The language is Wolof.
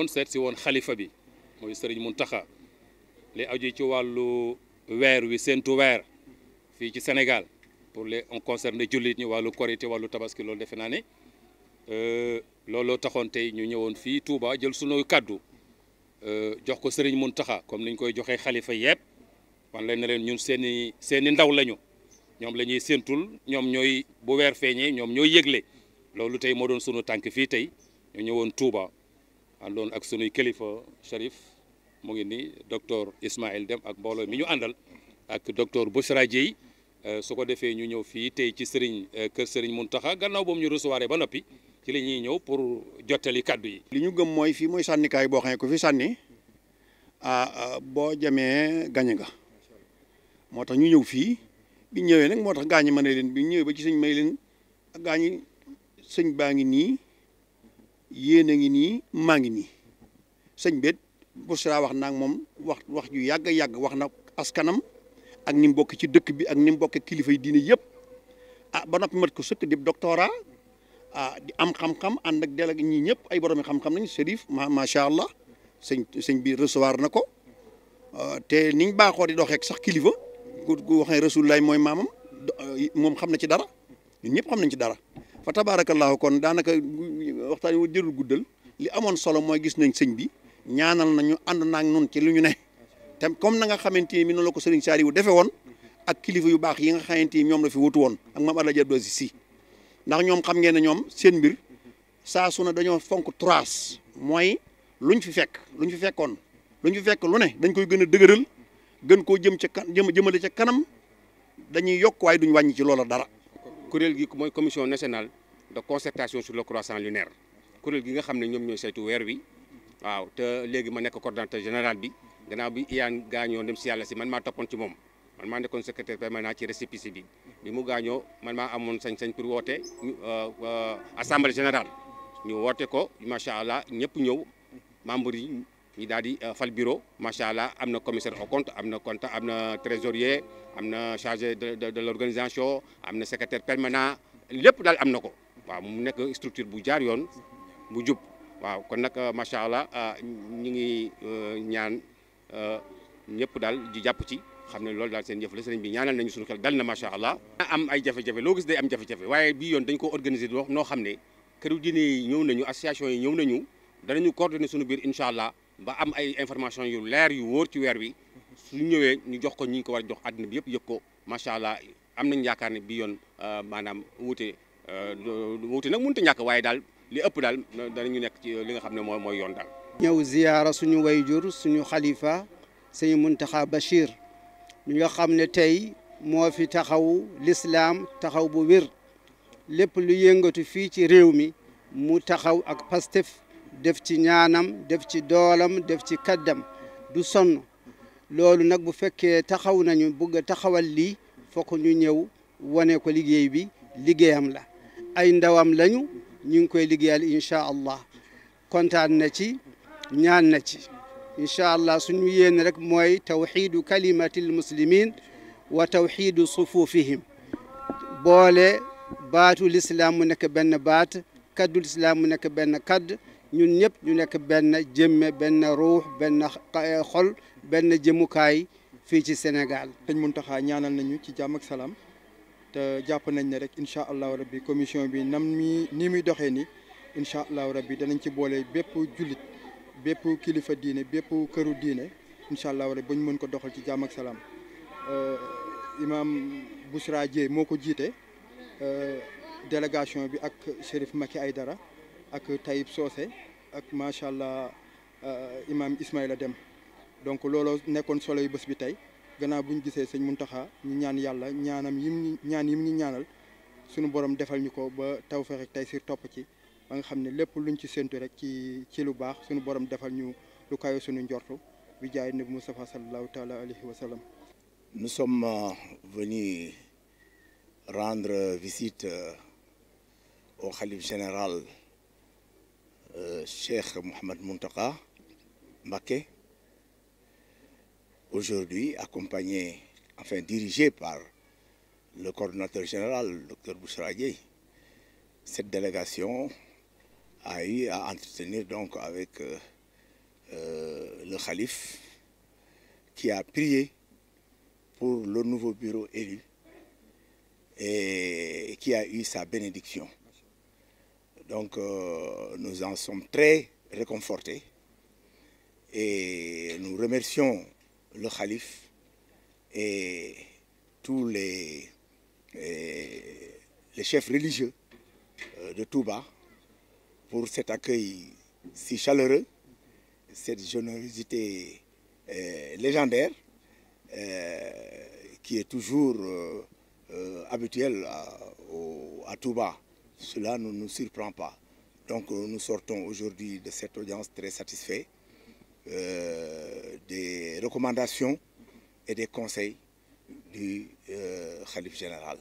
woon seet si woon xalifa bi mooy sëriñ taxa li aju ci wàllu weer wi séentu weer fii ci Sénégal pour les on concerne jullit ñi wàllu korité wàllu tabaski loolu defe naa ne euh, looloo taxoon tey ñu ñëwoon fii Touba jël sunuy kàddu euh, jox ko sëriñ mun Muntaxa comme niñ koy joxee xalifa yëpp wan leen ñun seen i seen ndaw lañu ñoom lañuy ñuy ñoom ñooy bu weer feeñee ñoom ñooy yëgle loolu tey moo doon sunu tànk fii tey ñu ñëwoon Touba. àndoon ak sunuy kilifa Cherif mu ngi nii docteur Ismaïl Dem ak mbooloo mi ñu àndal ak docteur Bouchra Dieye euh, su ko defee ñu ñëw fii tey ci sëriñ euh, kër sëriñ taxa gannaaw boobu ñu recevoir ba noppi ci li ñuy ñëw pour jottali kàddu yi. li ñu gëm mooy fii mooy sànnikaay boo xam ne ku fi sànni ah, ah, boo jamee gañe nga moo tax ñu ñëw fii bi ñëwee nag moo tax gaañi mën a leen bi ñëwee ba ci sëñ may leen gaañi sëñ baa ngi nii. yéen a ngi nii maa ngi nii sëñ bet Bouchra wax naag moom wax wax ju yàgg a yàgg wax na askanam ak ni mu bokk ci dëkk bi ak ni mu bokk kilifa yi diine yëpp ah ba noppi mat ko sëkk di doctorat ah di am xam-xam ànd ak délégué ñii ñëpp ay borom xam-xam lañu Chérif ma macha allah sëñ sëñ bi recevoir na ko ah, te niñ baaxoo di doxeek sax kilifa ku waxee rasulullaay mooy maamam ah, moom xam na ci dara ñun ñëpp xam nañ ci dara. fa tabaarakallaahu kon daanaka waxtaan wu jërul guddal li amoon solo mooy gis nañ sëñ bi ñaanal nañu ànd naag nun ci lu ñu ne te comme na nga xamante ni noonu la ko sëriñ Saaliw defe woon ak kilifa yu baax yi nga xamante ni ñoom la wutu woon ak maam Alaaji a Asiis Si ndax ñoom xam ngeen ne ñoom seen mbir saa su ne dañoo fonk trois mooy luñ fi fekk luñ fi fekkoon luñ fi fekk lu ne dañ koy gën a dëgëral gën koo jëm ca kan jëm jëmale ca kanam dañuy yokk waaye duñ wàññi ci loola dara kuréel gi mooy commission nationale de concertation sur le croissant lunaire kuréel gi nga xam ne ñoom ñooy saytu weer wi waaw te léegi ma nekk coordonnateur général bi gannaaw bi iyaan gaañoo nem si yàlla si man maa toppoon ci moom man maa nekkoon secrétaire permanent ci récépissé bi bi mu gaañoo man maa amoon sañ-sañ pour woote euh, euh, assemblée général ñu woote ko macha allah ñëpp ñëw membre yi ñu daal euh, fal bureau macha allah am na commissaire au compte am na compte am na trésorier am na chargé de de l' organisation am na secrétaire permanent lépp daal am na ko waaw mu nekk structure bu jaar yoon bu jub waaw kon nag euh, macha allah euh, ñu ngi ñaan ñépp daal di jàpp ci xam ne loolu daal seen jëf la sëriñ bi ñaanal nañu suñu xel dal na macha allah. am ay jafe-jafe loo gis day am jafe-jafe waaye bii yoon dañ ko organiser noo xam ne këru diine ñëw nañu association yi ñëw nañu danañu coordonner suñu biir incha allah. ba am ay information yu leer yu wóor ci weer wi su ñëwee ñu jox ko ñi ñu ko war a jox addina bi yëpp yëg ko macha allah am nañ yaakaar ne bi yoon euh, maanaam wuute euh, wuute nag mënut a ñàkk waaye daal li ëpp daal ñu nekk ci li nga xam ne mooy mooy yoon daal. ñëw ziyaara suñu wayjur suñu xalifa sëñ Muntaxa Bachir mi nga xam ne tey moo fi taxaw lislaam taxaw bu wér lépp lu yëngatu fii ci réew mi mu taxaw ak Pastef def ci ñaanam def ci doolam def ci kaddam du sonn loolu nag bu fekkee taxaw nañu bëgg taxawal lii fokk ñu ñëw wane ko liggéey bi liggéeyam la ay ndawam lañu ñu ngi koy liggéeyal incha allah kontaan na ci ñaan na ci incha allah suñu yéen rek mooy tawxiidu kalimati lmuslimin wa tawxiidu sufufihim boole baatu lislaam mu nekk benn baat kaddu lislaam mu nekk benn kadd ñun ñëpp ñu nekk benn jëmme benn ruux benn eh, xol benn jëmukaay fii ci Sénégal. Sëñ Muntaxa ñaanal nañu ci jàmm ak salaam te jàpp nañ ne rek incha allahu rabbi commission bi nam mi ni muy doxee ni incha allahu rabbi danañ ci boole bépp jullit bépp kilifa diine bépp këru diine incha allah rabbi ba mën ko doxal ci jàmm ak salaam euh, imaam Bousra Dieye moo ko jiite euh, délégation bi ak Chérif Maki dara ak Taïb soose ak macha allah euh, imaam Ismaïla Dem donc looloo nekkoon solo yu bés bi tey gannaaw bu ñu gisee sëñ Muntaxa ñu ñaan yàlla ñaanam yim ñaan yim ñu ñaanal suñu borom defal ñu ko ba tawfeex ak taysiir topp ci ba nga xam ne lépp luñ ci séntu rek ci ci lu baax suñu borom defal ñu lu kayo suñu njortu bi jaay nabi Moustapha sallallahu taala alayhi wa sallam. Nous sommes euh, venus rendre visite euh, au khalife général. Cheikh Mohamed Muntaka Mbaké, aujourd'hui accompagné, enfin dirigé par le coordonnateur général, le docteur Bouchradier, cette délégation a eu à entretenir donc avec euh, euh, le calife qui a prié pour le nouveau bureau élu et qui a eu sa bénédiction. Donc euh, nous en sommes très réconfortés et nous remercions le calife et tous les, et les chefs religieux euh, de Touba pour cet accueil si chaleureux, cette générosité euh, légendaire euh, qui est toujours euh, euh, habituelle à, au, à Touba. Cela ne nous surprend pas. Donc euh, nous sortons aujourd'hui de cette audience très satisfaits euh, des recommandations et des conseils du euh, Khalif général.